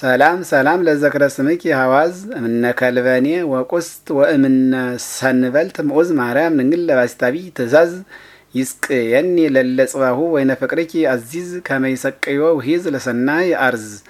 ሰላም ሰላም ለዘክረ ስምኪ ሐዋዝ እምነ ከልበኔ ወቁስት ወእምነ ሰንበልት ምዑዝ ማርያም ንግል ለባሲታቢ ትእዛዝ ይስቅ ይስቅየኒ ለለጽባሁ ወይነ ፍቅርኪ አዚዝ ከመይሰቅዮ ውሂዝ ለሰናይ አርዝ